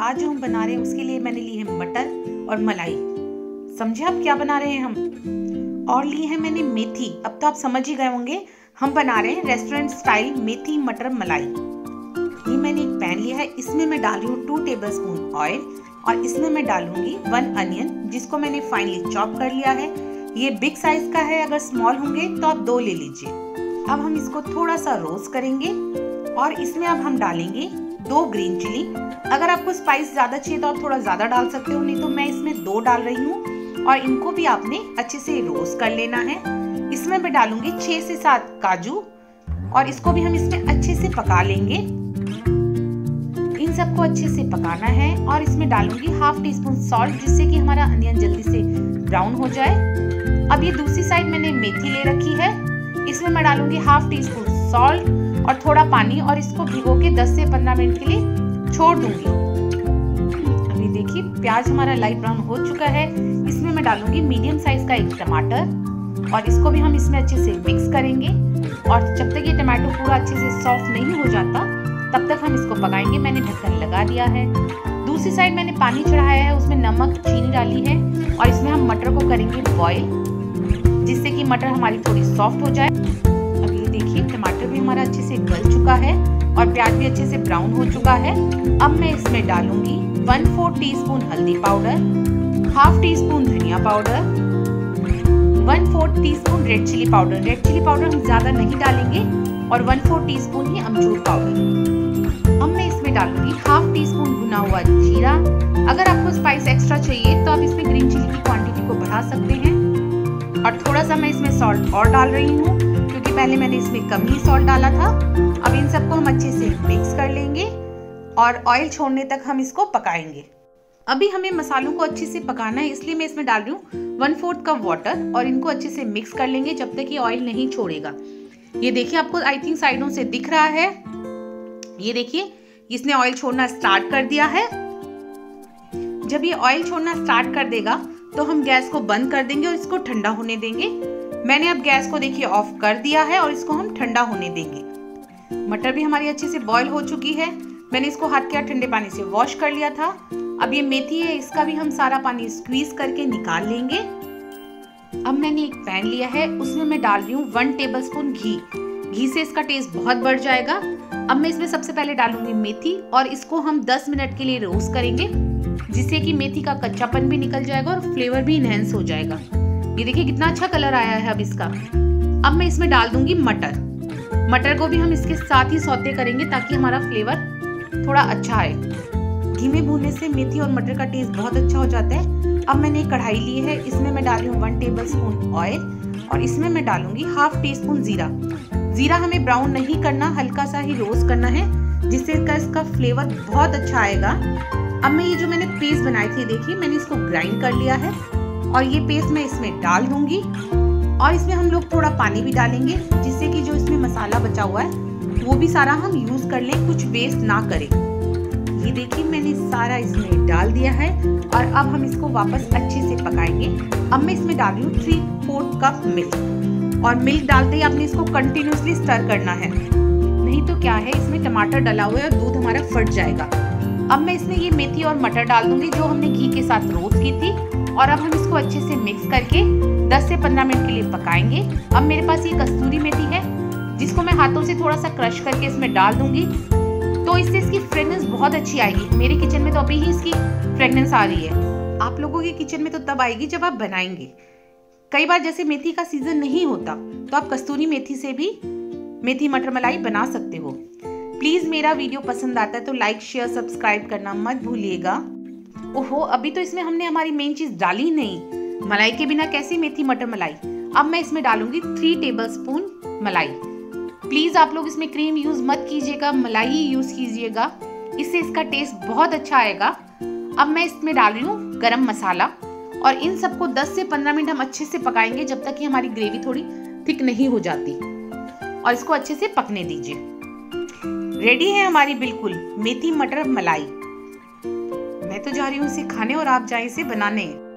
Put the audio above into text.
आज जो हम बना रहे हैं उसके लिए मैंने लिए है मटर और मलाई समझे आप क्या बना रहे हैं हम और लिए है मैंने मेथी अब तो आप समझ ही गए होंगे हम बना रहे हैं रेस्टोरेंट स्टाइल मेथी मटर मलाई ये मैंने एक पैन लिया है इसमें मैं डाल रही हूँ टू टेबल स्पून ऑयल और इसमें मैं डालूंगी वन अनियन जिसको मैंने फाइनली चॉप कर लिया है ये बिग साइज का है अगर स्मॉल होंगे तो आप दो ले लीजिए अब हम इसको थोड़ा सा रोस्ट करेंगे और इसमें अब हम डालेंगे दो ग्रीन चिली अगर आपको स्पाइस ज़्यादा चाहिए तो आप थोड़ा ज़्यादा डाल सकते हो नहीं तो मैं इसमें दो डाल रही हूँ और इनको भी आपने अच्छे से रोस्ट कर लेना है इसमें मैं डालूंगी छह से सात काजू और इसको भी हम इसमें अच्छे से पका लेंगे इन सबको अच्छे से पकाना है और इसमें डालूंगी हाफ टी स्पून सॉल्ट जिससे कि हमारा अनियन जल्दी से ब्राउन हो जाए अब ये दूसरी साइड मैंने मेथी ले रखी है इसमें मैं डालूंगी हाफ टी स्पून सॉल्ट और थोड़ा पानी और इसको भिगो के 10 से 15 मिनट के लिए छोड़ दूंगी अभी देखिए प्याज हमारा लाइट ब्राउन हो चुका है इसमें मैं डालूंगी मीडियम साइज का एक टमाटर और इसको भी हम इसमें अच्छे से मिक्स करेंगे और जब तक ये टमाटो पूरा अच्छे से सॉफ्ट नहीं हो जाता तब तक हम इसको पकाएंगे मैंने ढक्कन लगा दिया है दूसरी साइड मैंने पानी चढ़ाया है उसमें नमक चीनी डाली है और इसमें हम मटर को करेंगे बॉईल जिससे कि मटर हमारी थोड़ी सॉफ्ट हो जाए टमाटर भी हमारा अच्छे से गल चुका है और प्याज भी अच्छे से ब्राउन हो चुका है अब मैं इसमें डालूंगी वन फोर टी हल्दी पाउडर हाफ टी स्पून धनिया powder one four teaspoon red chilli powder red chilli powder हम ज़्यादा नहीं डालेंगे और वन फोर टी स्पून ही अमचूर पाउडर अब मैं इसमें डालूंगी हाफ टी स्पून भुना हुआ जीरा अगर आपको स्पाइस एक्स्ट्रा चाहिए तो आप इसमें ग्रीन चिली की क्वांटिटी को बढ़ा सकते हैं और थोड़ा सा मैं इसमें सॉल्ट और डाल रही हूँ पहले मैंने इसमें कम ही सॉल्ट डाला था अब इन सबको हम अच्छे से मिक्स कर लेंगे और ऑयल छोड़ने तक हम इसको पकाएंगे अभी हमें मसालों को अच्छे से पकाना है इसलिए मैं इसमें डाल रही हूँ वन फोर्थ कप वाटर और इनको अच्छे से मिक्स कर लेंगे जब तक ये ऑयल नहीं छोड़ेगा ये देखिए आपको आई थिंक साइडों से दिख रहा है ये देखिए इसने ऑयल छोड़ना स्टार्ट कर दिया है जब ये ऑयल छोड़ना स्टार्ट कर देगा तो हम गैस को बंद कर देंगे और इसको ठंडा होने देंगे मैंने अब गैस को देखिए ऑफ कर दिया है और इसको हम ठंडा होने देंगे मटर भी हमारी अच्छे से बॉईल हो चुकी है मैंने इसको हाथ के हाथ ठंडे पानी से वॉश कर लिया था अब ये मेथी है इसका भी हम सारा पानी स्क्वीज करके निकाल लेंगे अब मैंने एक पैन लिया है उसमें मैं डाल रही हूँ वन टेबल स्पून घी घी से इसका टेस्ट बहुत बढ़ जाएगा अब मैं इसमें सबसे पहले डालूंगी मेथी और इसको हम 10 मिनट के लिए रोस्ट करेंगे जिससे कि मेथी का कच्चापन भी निकल जाएगा और फ्लेवर भी इनहेंस हो जाएगा ये देखिए कितना अच्छा कलर आया है अब इसका अब मैं इसमें डाल दूंगी मटर मटर को भी हम इसके साथ ही सौते करेंगे ताकि हमारा फ्लेवर थोड़ा अच्छा आए धीमे भूनने से मेथी और मटर का टेस्ट बहुत अच्छा हो जाता है अब मैंने एक कढ़ाई ली है इसमें मैं डाली हूँ वन टेबल स्पून ऑयल और इसमें मैं डालूंगी हाफ टी स्पून जीरा जीरा हमें ब्राउन नहीं करना हल्का सा ही रोस्ट करना है जिससे इसका इसका फ्लेवर बहुत अच्छा आएगा अब मैं ये जो मैंने पेस्ट बनाई थी देखिए मैंने इसको ग्राइंड कर लिया है और ये पेस्ट मैं इसमें डाल दूंगी और इसमें हम लोग थोड़ा पानी भी डालेंगे जिससे कि जो इसमें मसाला बचा हुआ है वो भी सारा हम यूज़ कर लें कुछ वेस्ट ना करें ये देखिए मैंने सारा इसमें डाल दिया है और अब हम इसको वापस अच्छे से पकाएंगे अब मैं इसमें डाल रही हूँ थ्री फोर कप मिल्क और मिल्क डालते ही आपने इसको कंटिन्यूसली स्टर करना है नहीं तो क्या है इसमें टमाटर डला हुआ है और दूध हमारा फट जाएगा अब मैं इसमें ये मेथी और मटर डाल दूंगी जो हमने घी के साथ रोस्ट की थी और अब हम इसको अच्छे से मिक्स करके 10 से 15 मिनट के लिए पकाएंगे अब मेरे पास ये कस्तूरी मेथी है जिसको मैं हाथों से थोड़ा सा क्रश करके इसमें डाल दूंगी तो इससे इसकी फ्रेगनेंस बहुत अच्छी आएगी मेरे किचन में तो अभी ही इसकी फ्रेगनेंस आ रही है आप लोगों के किचन में तो तब आएगी जब आप बनाएंगे कई बार जैसे मेथी का सीजन नहीं होता तो आप कस्तूरी मेथी से भी मेथी मटर मलाई बना सकते हो प्लीज़ मेरा वीडियो पसंद आता है तो लाइक शेयर सब्सक्राइब करना मत भूलिएगा ओहो अभी तो इसमें हमने हमारी मेन चीज़ डाली नहीं मलाई के बिना कैसी मेथी मटर मलाई अब मैं इसमें डालूंगी थ्री टेबल स्पून मलाई प्लीज़ आप लोग इसमें क्रीम यूज़ मत कीजिएगा मलाई यूज़ कीजिएगा इससे इसका टेस्ट बहुत अच्छा आएगा अब मैं इसमें डाल हूँ गरम मसाला और इन सबको 10 से 15 मिनट हम अच्छे से पकाएंगे जब तक कि हमारी ग्रेवी थोड़ी थिक नहीं हो जाती और इसको अच्छे से पकने दीजिए रेडी है हमारी बिल्कुल मेथी मटर मलाई मैं तो जा रही हूँ इसे खाने और आप जाए इसे बनाने